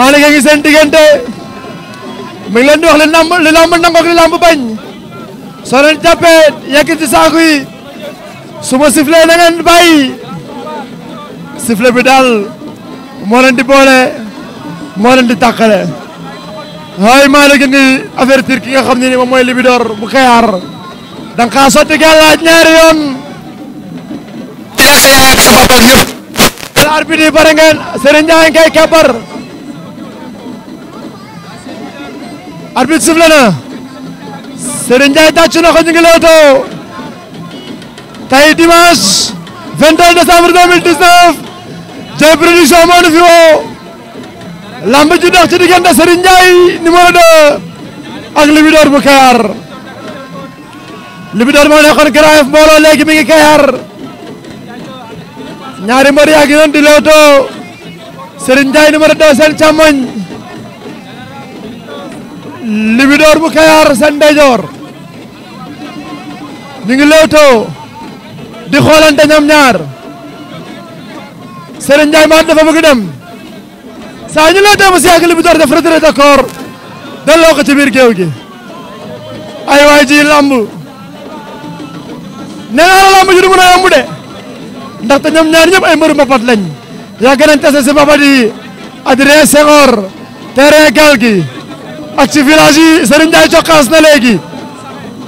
maling yang isenti gente milen doh lenam lenam menang kok lenam beban soren ya kita sakui semua sifle dengan bayi sifle bedal moren di pole moren di takale hai maling ini afir tirki ya kamu ini mau mulai lebih bukayar dan kasut tiga lagi nyarion tidak saya kapal ngip Arbi di barengan, serinjang kayak kaper. arbitre sifflé na Serigne Ndiaye tàcc ngi leewtoo tey dimanche 22 décembre 2019 Dieye fi woo lamb ji dox ci diggante Serigne Ndiaye numéro 2 ak Libidor bu Kayar Libidor moo nekkoon Grand Yoff mbooloo léegi mi ngi Kayar ñaari mbër yaa di leewtoo Serigne Ndiaye numéro 2 seen Libidor bu kayar sen dayor ñu ngi lewtoo di xolante ñoom ñaar Serigne Ndiaye ma dafa bëgg dem sa ñu lewtoo mu si Libidor def retraite d'accord delloo ko ci bir geew gi ay way ji lamb ne naa la làmb ju du mëna yomb de ndaxte ñoom ñaar ñep ay mëru mbapat lañ ya gënal tassé ci mbapat yi Adrien terrain galgi gi ak ci village yi Serigne Ndiaye cokkaas na léegi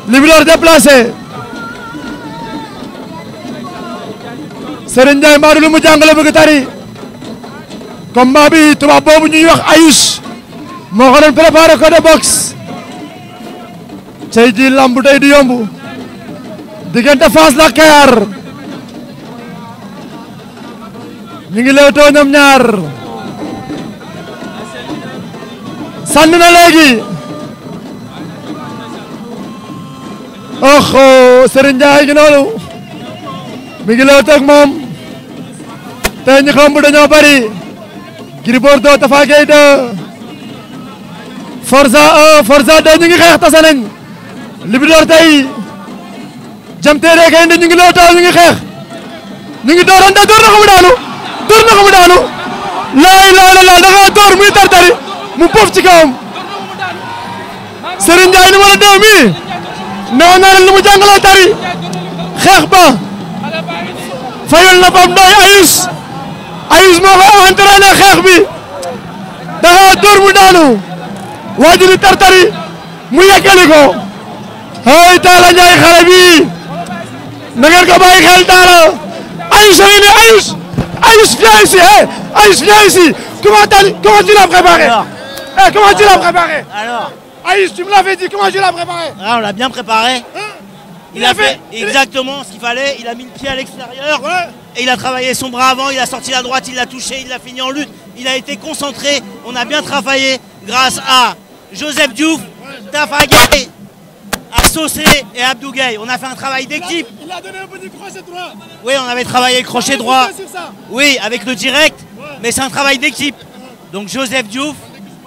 Libidor déplacé Serigne Ndiaye maa du lu mu jàngale bëgg tari combat bi tubaab boobu ñuy wax ayus moo ko doon préparé ko de boxe tey ji lamb tey du yomb diggante Fass la Kayar ñu ngi leewtoo ñoom ñaar sal na léegi oh Serigne Ndiaye gi noonu mi ngi lay teg moom tey ñu xam bu dañoo bari Gris Bordeaux Tapha Gueye 2 Forza 1 Forza ngi xeex tase nañ Libidor tey jam teere kay indi ñu ngi lay taw ngi xeex ñu ngi doorante door na ko mu daanu door na ko mu daanu laay laay la laal da ngaa door muy tartari mu pof ci kawam Serigne Ndiaye numéro 2 mi nee naa leen lu mu jàngalee tari xeex ba fayul na bam doy ayus ayus moo ko entraîné xeex bi dafa dóor mu daanu waaju di tartari mu yeggali ko ay Talla Ndiaye xale bi na ngeen ko bàyyi xel Talla ayus a ngi ne ayus ayus viens ici eh ayus viens ici comment t'as comment tu l'as préparé Eh, comment tu l'as ah. préparé Alors Aïs, tu me l'avais dit, comment tu l'as préparé ah, on l'a bien préparé. Hein il, a fait, exactement ce qu'il fallait, il a mis le pied à l'extérieur. Et il a travaillé son bras avant, il a sorti la droite, il l'a touché, il l'a fini en lutte. Il a été concentré, on a bien travaillé grâce à Joseph Diouf, Tafagay, à et Abdou On a fait un travail d'équipe. Il, a donné un petit crochet droit. Oui, on avait travaillé le crochet droit. Oui, avec le direct, mais c'est un travail d'équipe. Donc Joseph Diouf,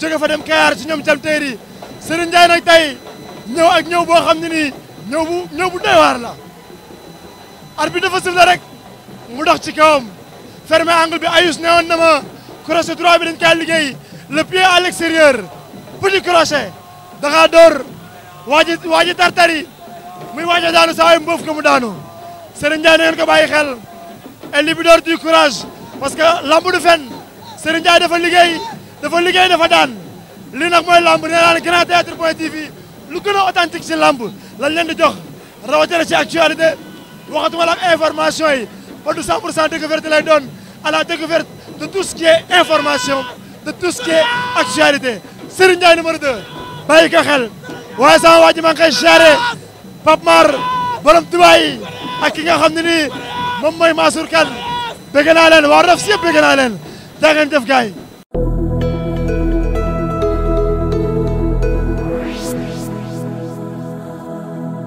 jóge fa dem Kayar ci ñoom cam teer yi Serigne Ndiaye ñëw ak ñëw boo xam ne nii ñëw bu ñëw bu doy waar la ar bi dafa sifle rek mu dox ci kawam fermé angle bi ayus newoon na ma crochet droit bi dañ kaa liggéey le pied à l'extérieur petit crochet dangaa waaji tartari muy waaja daanu saa mboof ko mu daanu Serigne Ndiaye na ngeen ko bàyyi xel et libi door du courage parce que lamb du fen Serigne Ndiaye dafa liggéey dafa liggéey dafa daan lii nag mooy lamb ne Grand Théâtre point TV lu gën a authentique si lamb lañ jox rawatina ci actualité waxatuma ak information yi ba du 100 pour cent découverte lay doon à la découverte de tout ce qui est information de tout ce qui est actualité Serigne Ndiaye numéro xel waaye sama waa ji maa ngi koy Mar borom Dubaay ak xam ne nii moom mooy Mansour Kane waa Rafs yëpp bëgg naa jëf gars